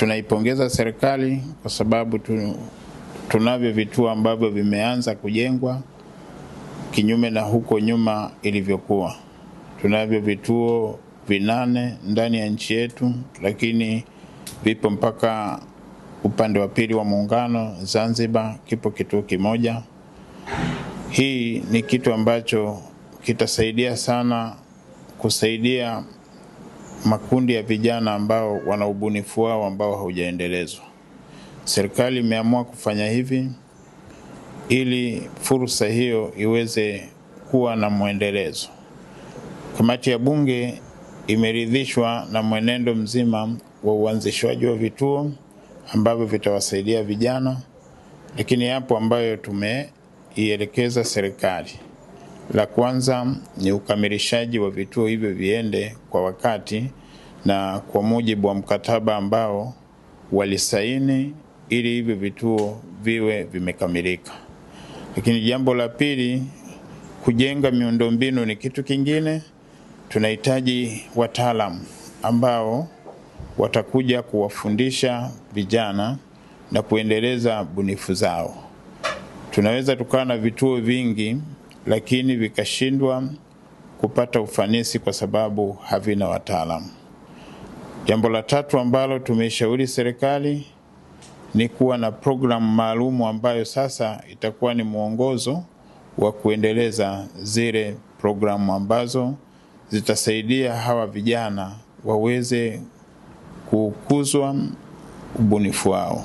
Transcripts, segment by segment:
Tunaipongeza serikali kwa sababu tu, tunavyo vituo ambavyo vimeanza kujengwa kinyume na huko nyuma ilivyokuwa. Tunavyo vituo vinane ndani ya nchi yetu, lakini vipo mpaka upande wa pili wa Muungano. Zanzibar kipo kituo kimoja. Hii ni kitu ambacho kitasaidia sana kusaidia makundi ya vijana ambao wana ubunifu wao ambao haujaendelezwa. Serikali imeamua kufanya hivi ili fursa hiyo iweze kuwa na mwendelezo. Kamati ya Bunge imeridhishwa na mwenendo mzima wa uanzishwaji wa vituo ambavyo vitawasaidia vijana, lakini yapo ambayo tumeielekeza serikali la kwanza ni ukamilishaji wa vituo hivyo viende kwa wakati na kwa mujibu wa mkataba ambao walisaini ili hivyo vituo viwe vimekamilika. Lakini jambo la pili, kujenga miundombinu ni kitu kingine. Tunahitaji wataalamu ambao watakuja kuwafundisha vijana na kuendeleza bunifu zao. Tunaweza tukawa na vituo vingi lakini vikashindwa kupata ufanisi kwa sababu havina wataalamu. Jambo la tatu ambalo tumeishauri serikali ni kuwa na programu maalumu ambayo sasa itakuwa ni mwongozo wa kuendeleza zile programu ambazo zitasaidia hawa vijana waweze kukuzwa ubunifu wao.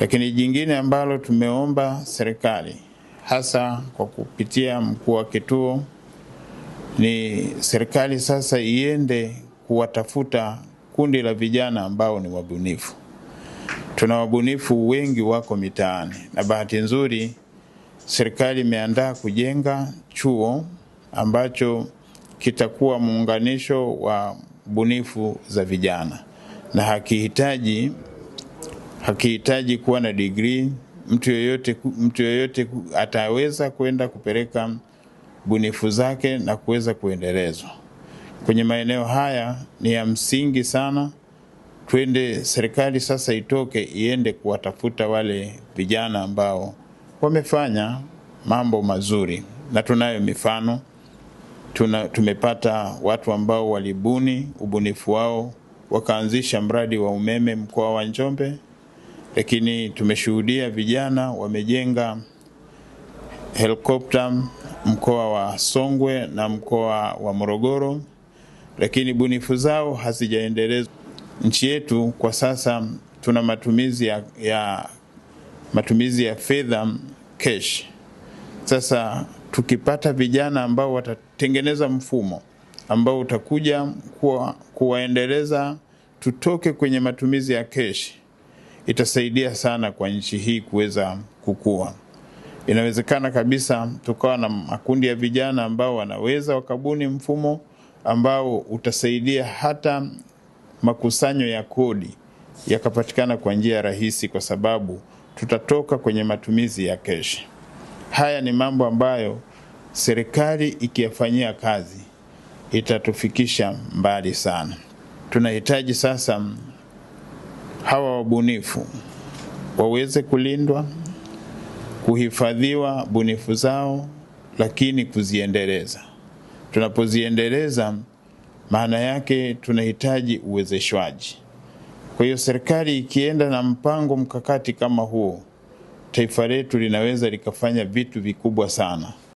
Lakini jingine ambalo tumeomba serikali hasa kwa kupitia mkuu wa kituo, ni serikali sasa iende kuwatafuta kundi la vijana ambao ni wabunifu. Tuna wabunifu wengi wako mitaani, na bahati nzuri serikali imeandaa kujenga chuo ambacho kitakuwa muunganisho wa bunifu za vijana na hakihitaji hakihitaji kuwa na degree mtu yeyote, mtu yeyote ataweza kwenda kupeleka bunifu zake na kuweza kuendelezwa kwenye maeneo haya. Ni ya msingi sana, twende serikali sasa itoke iende kuwatafuta wale vijana ambao wamefanya mambo mazuri, na tunayo mifano tuna, tumepata watu ambao walibuni ubunifu wao wakaanzisha mradi wa umeme mkoa wa Njombe lakini tumeshuhudia vijana wamejenga helikopta mkoa wa Songwe na mkoa wa Morogoro, lakini bunifu zao hazijaendelezwa. Nchi yetu kwa sasa tuna matumizi ya, ya, matumizi ya fedha cash. Sasa tukipata vijana ambao watatengeneza mfumo ambao utakuja kuwa, kuwaendeleza tutoke kwenye matumizi ya cash itasaidia sana kwa nchi hii kuweza kukua. Inawezekana kabisa tukawa na makundi ya vijana ambao wanaweza wakabuni mfumo ambao utasaidia hata makusanyo ya kodi yakapatikana kwa njia rahisi, kwa sababu tutatoka kwenye matumizi ya keshi. Haya ni mambo ambayo serikali ikiyafanyia kazi itatufikisha mbali sana. Tunahitaji sasa hawa wabunifu waweze kulindwa, kuhifadhiwa bunifu zao, lakini kuziendeleza. Tunapoziendeleza maana yake tunahitaji uwezeshwaji. Kwa hiyo serikali ikienda na mpango mkakati kama huo, taifa letu linaweza likafanya vitu vikubwa sana.